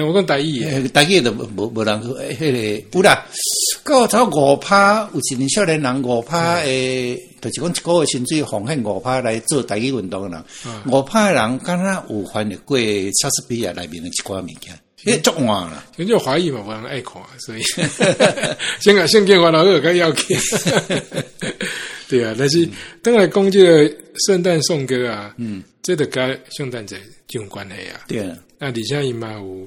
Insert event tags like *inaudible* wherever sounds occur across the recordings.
係我講台語台語二都無冇人去。迄個、嗯、有啦，嗰個五拍，有時你少年人五拍誒，嗯、就是講一個薪水奉獻五拍嚟做台語運動嘅人。五拍嘅人更加有翻譯過莎士比亞內面嘅一寡物件，嗯、因為足玩啦，人叫懷疑嘛，無人愛看，所以 *laughs* 先講聖誕話，我而家要嘅。 *laughs* 對啊，但是當講講個聖誕頌歌啊，嗯，真係聖誕節節有關係啊。啊、嗯，那李嘉姨嘛有。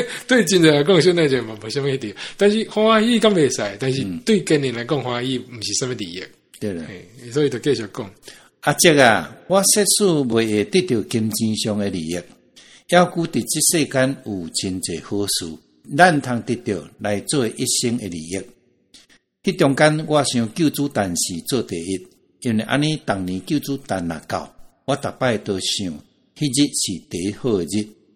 對，今日來講，現在就無無啥物利益。但是歡喜甲未使，但是對今年來講，歡喜毋是什物利益。對啦。所以就繼續講。阿叔啊，啊，我世俗未會得到金錢上的利益，要顧佇即世間有真儕好事，咱通得到來做一生的利益。迄中間，我想救主，誕是做第一，因為安尼逐年救主誕若到，我逐擺都想，迄日是第一好日。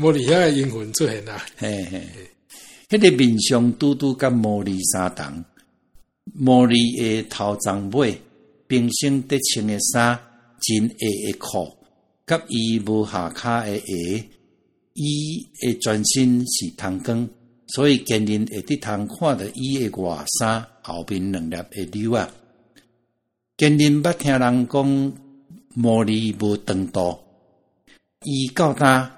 摩利亞誒，陰魂出現啦！嘿嘿嘿，迄嘿個面相拄拄甲摩利相同，摩利誒頭鬃尾，平常著穿誒衫，真嘅會褲，甲伊無下骹嘅鞋，伊嘅全身是通光，所以堅人會得通看着伊誒外衫，後面兩粒一紐啊！堅人捌聽人講摩利無腸肚，伊教他。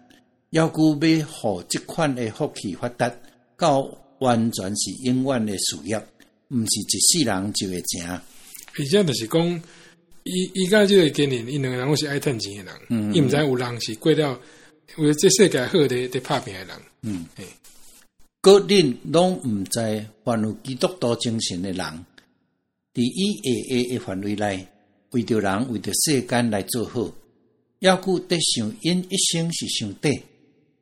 要顧要好，這款的福氣發達，到完全是永遠的事業，唔是一世人就會成。比較就是講，一一家就是近年，因兩個人都是愛趁錢的人，嗯，因唔知道有人是過了為這世界好的，得拍拼的人，嗯，唉。對，閣恁攏唔知凡有基督教精神的人，在伊會會的範圍內，為着人為着世間來做好，要顧得想因一生是上帝。